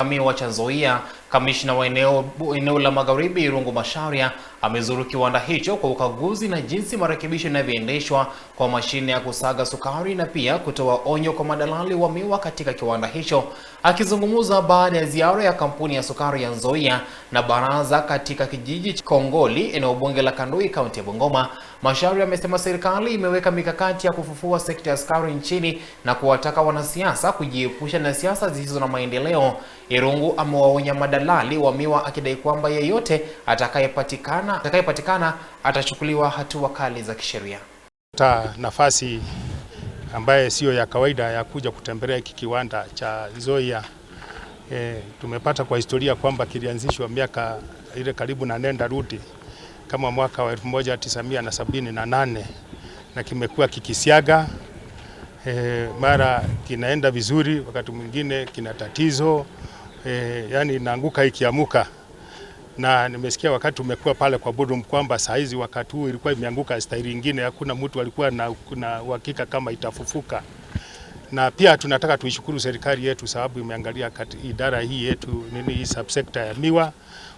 Amir wa Chanzoia Kamishna wa eneo, eneo la Magharibi Irungu Macharia amezuru kiwanda hicho kwa ukaguzi na jinsi marekebisho yanavyoendeshwa kwa mashine ya kusaga sukari na pia kutoa onyo kwa madalali wa miwa katika kiwanda hicho. Akizungumza baada ya ziara ya kampuni ya sukari ya Nzoia na Baraza katika kijiji cha Kongoli, eneo bunge la Kandui, kaunti ya Bungoma, Macharia amesema serikali imeweka mikakati ya kufufua sekta ya sukari nchini na kuwataka wanasiasa kujiepusha na siasa zisizo na maendeleo. Irungu amewaonya madalali dalali wa miwa akidai kwamba yeyote atakayepatikana atakayepatikana atachukuliwa hatua kali za kisheria. Ta nafasi ambaye siyo ya kawaida ya kuja kutembelea hiki kiwanda cha Nzoia. E, tumepata kwa historia kwamba kilianzishwa miaka ile karibu na nenda rudi kama mwaka wa 1978 na, na kimekuwa kikisiaga e, mara kinaenda vizuri, wakati mwingine kina tatizo e, yani inaanguka ikiamuka, na nimesikia wakati umekuwa pale kwa Bodrum kwamba saa hizi wakati huu ilikuwa imeanguka staili nyingine, hakuna mtu alikuwa na uhakika kama itafufuka. Na pia tunataka tuishukuru serikali yetu sababu imeangalia idara hii yetu nini, hii subsector ya miwa,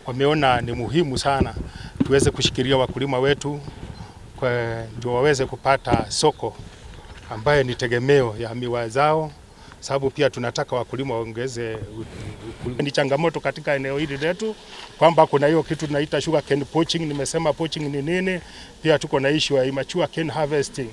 wameona ni muhimu sana tuweze kushikilia wakulima wetu ndio waweze kupata soko ambayo ni tegemeo ya miwa zao sababu pia tunataka wakulima waongeze. Ni changamoto katika eneo hili letu kwamba kuna hiyo kitu tunaita sugar cane poaching. Nimesema poaching ni nini? Pia tuko na issue ya immature cane harvesting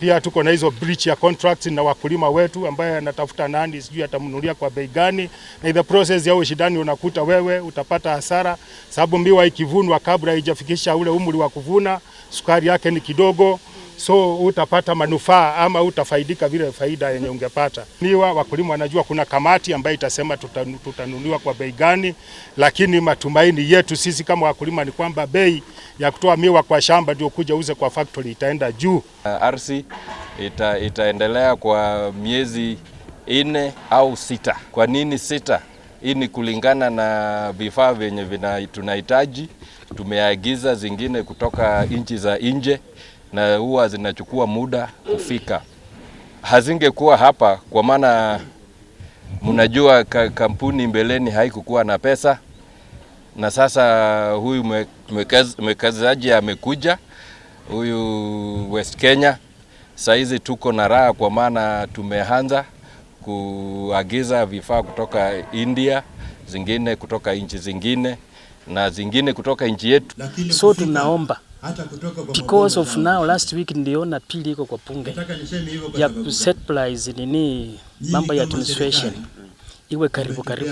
pia tuko na hizo breach ya contract na wakulima wetu, ambaye anatafuta nani, sijui atamnunulia kwa bei gani, na the process ya ushindani unakuta wewe utapata hasara, sababu miwa ikivunwa kabla haijafikisha ule umri wa kuvuna, sukari yake ni kidogo so utapata manufaa ama utafaidika vile faida yenye ungepata. Niwa wakulima wanajua kuna kamati ambayo itasema tutanunuliwa kwa bei gani, lakini matumaini yetu sisi kama wakulima ni kwamba bei ya kutoa miwa kwa shamba ndio kuja uze kwa factory itaenda juu. Uh, RC ita, itaendelea kwa miezi ine au sita. Kwa nini sita? Hii ni kulingana na vifaa vyenye tunahitaji. Tumeagiza zingine kutoka nchi za nje na huwa zinachukua muda kufika. Hazingekuwa hapa kwa maana mnajua kampuni mbeleni haikukuwa na pesa, na sasa huyu mwekezaji amekuja, huyu West Kenya. sahizi tuko na raha kwa maana tumeanza kuagiza vifaa kutoka India, zingine kutoka nchi zingine na zingine kutoka nchi yetu, so tunaomba because of now last week niliona pili iko kwa punge ya set price nini mambo ya administration iwe karibu karibu,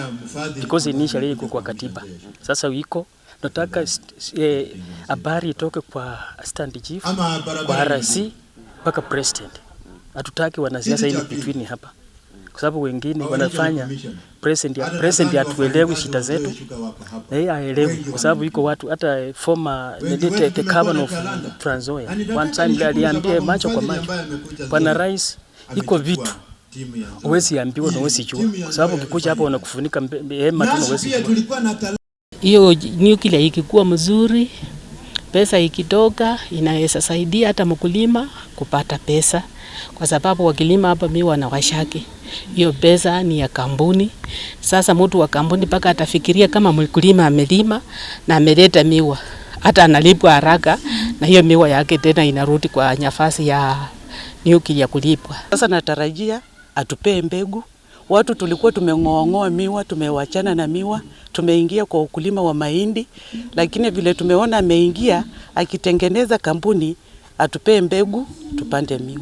because initially iko kwa katiba, sasa wiko nataka eh, habari itoke kwa stand chief kwa RC mpaka president. Hatutaki wanasiasa in between hapa kwa sababu wengine wanafanya present ya present ya tuelewi shida zetu, eh, aelewe kwa sababu iko watu hata former the governor of Trans one time aliambia macho kwa macho, bwana rais, iko vitu uwezi ambiwa na uwezi jua, kwa sababu ukikuja hapa wanakufunika hema tu, uwezi jua hiyo nyuklia ikikuwa mzuri Pesa ikitoka inaweza saidia hata mkulima kupata pesa, kwa sababu wakilima hapa miwa na washaki, hiyo pesa ni ya kampuni. Sasa mtu wa kampuni mpaka atafikiria kama mkulima amelima na ameleta miwa, hata analipwa haraka, na hiyo miwa yake tena inarudi kwa nafasi ya nyuki ya kulipwa. Sasa natarajia atupee mbegu. Watu tulikuwa tumeng'oang'oa miwa, tumewachana na miwa, tumeingia kwa ukulima wa mahindi, lakini vile tumeona ameingia akitengeneza kampuni atupee mbegu tupande miwa.